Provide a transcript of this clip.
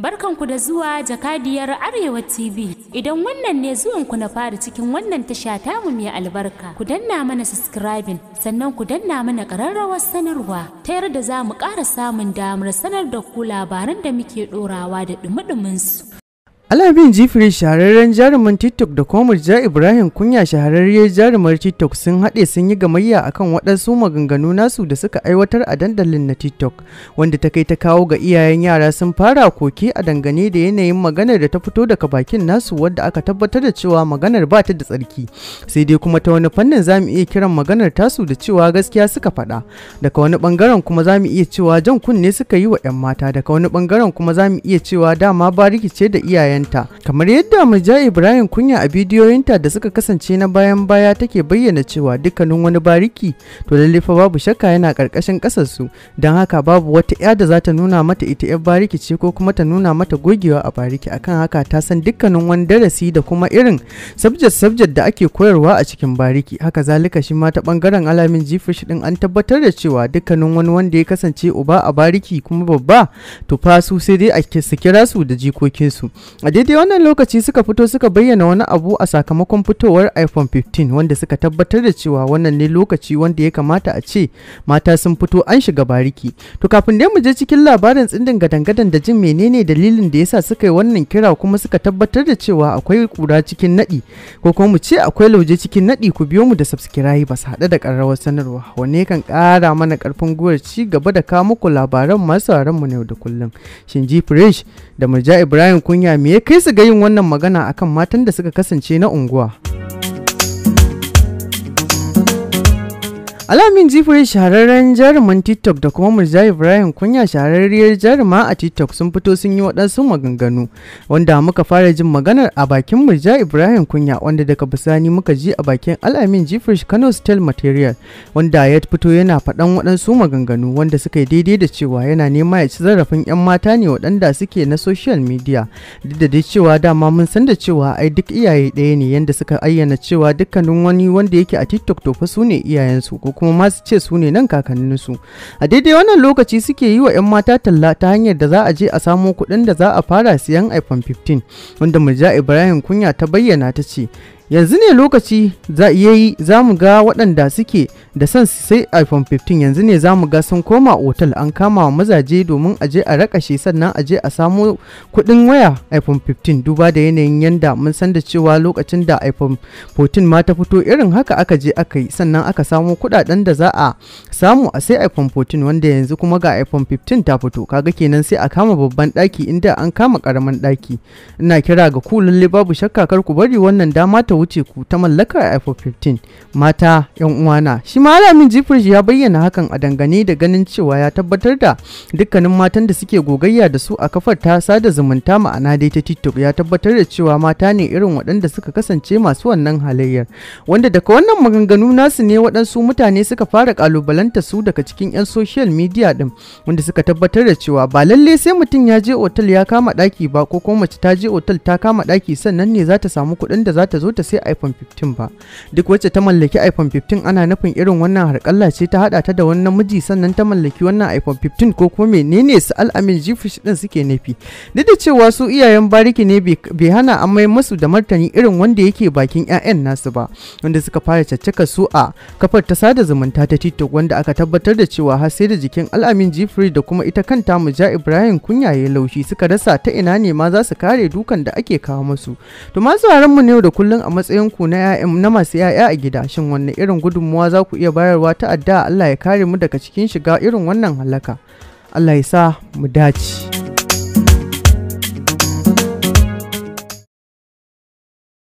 Barkanku da zuwa jakadiyar Arewa TV. Idan wannan ne zuwanku na fara cikin wannan tasha tamu mai albarka, ku danna mana subscribing sannan ku danna mana ƙararrawar sanarwa ta yarda za mu ƙara samun damar sanar da ku labaran da muke ɗorawa da ɗumi-ɗuminsu. Alabin Jifri shahararren jarumin TikTok da kuma Murja Ibrahim Kunya shahararriyar jarumar TikTok sun haɗe sun yi gamayya akan waɗansu maganganu nasu da suka aiwatar a dandalin na TikTok wanda ta kai ta kawo ga iyayen yara sun fara koke a dangane da yanayin maganar da ta fito daga bakin nasu wadda aka tabbatar da cewa maganar ba ta da tsarki sai dai kuma ta wani fannin za mu iya kiran maganar tasu da cewa gaskiya suka faɗa daga wani bangaren kuma za mu iya cewa jan kunne suka yi wa 'yan mata daga wani bangaren kuma za mu iya cewa dama bariki ce da iyayen bayanta kamar yadda murja ibrahim kunya a bidiyoyinta da suka kasance na bayan baya take bayyana cewa dukkanin wani bariki to lalle fa babu shakka yana karkashin kasarsu don haka babu wata ya da za ta nuna mata ita yar bariki ce ko kuma ta nuna mata gogewa a bariki akan haka ta san dukkanin wani darasi da kuma irin subject subject da ake koyarwa a cikin bariki haka zalika shi ma ta bangaren alamin jifish din an tabbatar da cewa dukkanin wani wanda ya kasance uba a bariki kuma babba to fa su sai dai a kira su da jikokinsu a A daidai wannan lokaci suka fito suka bayyana wani abu a sakamakon fitowar iPhone 15 wanda suka tabbatar da cewa wannan ne lokaci wanda ya kamata a ce mata sun fito an shiga bariki. To kafin dai mu je cikin labarin tsindin gadan-gadan da jin menene dalilin da yasa suka yi wannan kira kuma suka tabbatar da cewa akwai kura cikin naɗi ko kuma mu ce akwai lauje cikin naɗi ku biyo mu da subscribe ba su da ƙararrawar sanarwa wanne kan ƙara mana ƙarfin gwiwar ci gaba da kawo muku labaran masu mu na yau da kullum. Shinji Fresh da Murja Ibrahim Kunya me kai su ga yin wannan magana akan matan da suka kasance na unguwa. Alamin Jifri shahararren jaruman TikTok da kuma Murja Ibrahim kunya shahararriyar jaruma a TikTok sun fito sun yi waɗansu maganganu wanda muka fara jin maganar a bakin Murja Ibrahim kunya wanda daga bisani muka ji a bakin Alamin Jifri Kano Style Material wanda ya fito yana faɗan waɗansu maganganu wanda suka yi daidai da cewa yana nema ya ci zarafin 'yan mata ne waɗanda suke na social media duk da dai cewa dama mun san da cewa ai duk iyaye ɗaya ne yanda suka ayyana cewa dukkanin wani wanda yake a TikTok to fa su ne iyayensu ko kuma masu ce su ne nan kakanninsu a daidai wannan lokaci suke yi wa 'yan mata talla ta hanyar da za a je a samo kuɗin da za a fara siyan iphone 15 wanda murja ibrahim kunya ta bayyana ta ce yanzu ne lokaci za yi za mu ga waɗanda suke da son sai iphone 15 yanzu ne za mu ga sun koma otal an kama wa mazaje domin a je a rakashe sannan a je a samo kuɗin waya iphone 15 duba da yanayin yanda mun san da cewa lokacin da iphone 14 ma ta fito irin haka aka je aka yi sannan aka samo kuɗaɗen da za a samu a sai iphone 14 wanda yanzu kuma ga iphone 15 ta fito kaga kenan sai a kama babban ɗaki inda an kama ƙaramin ɗaki ina kira ga ku lalle babu shakka kar ku bari wannan dama ta wuce ku ta mallakar iphone 15 mata yan uwana shi malamin jifrish ya bayyana hakan a dangane da ganin cewa ya tabbatar da dukkanin matan da suke gogayya da su a kafar ta sada zumunta ma'ana dai ta tiktok ya tabbatar da cewa mata ne irin waɗanda suka kasance masu wannan halayyar wanda daga wannan maganganu nasu ne waɗansu mutane suka fara kalubalanta su daga cikin 'yan social media ɗin wanda suka tabbatar da cewa ba lallai sai mutum ya je otal ya kama ɗaki ba ko kuma mace ta je otal ta kama ɗaki sannan ne za ta samu kuɗin da za ta zo ta sai iphone 15 ba duk wacce ta mallaki iphone 15 ana nufin irin wannan harƙalla ce ta haɗa ta da wannan miji sannan ta mallaki wannan iphone 15 ko kuma menene su al'amin jifish din suke nufi duk da cewa su iyayen bariki ne bai hana amai musu da martani irin wanda yake bakin 'ya'yan nasu ba wanda suka fara caccaka su a kafar ta sada zumunta ta tiktok wanda aka tabbatar da cewa har sai da jikin al'amin jifri da kuma ita kanta mu ja ibrahim kunyaye laushi suka rasa ta ina ne ma za su kare dukan da ake kawo musu to masu mu ne da kullum a matsayinku na masu 'ya'ya a gida shin wanne irin gudunmuwa za ku iya bayarwa ta addu'a Allah ya kare mu daga cikin shiga irin wannan halaka Allah ya sa mu dace.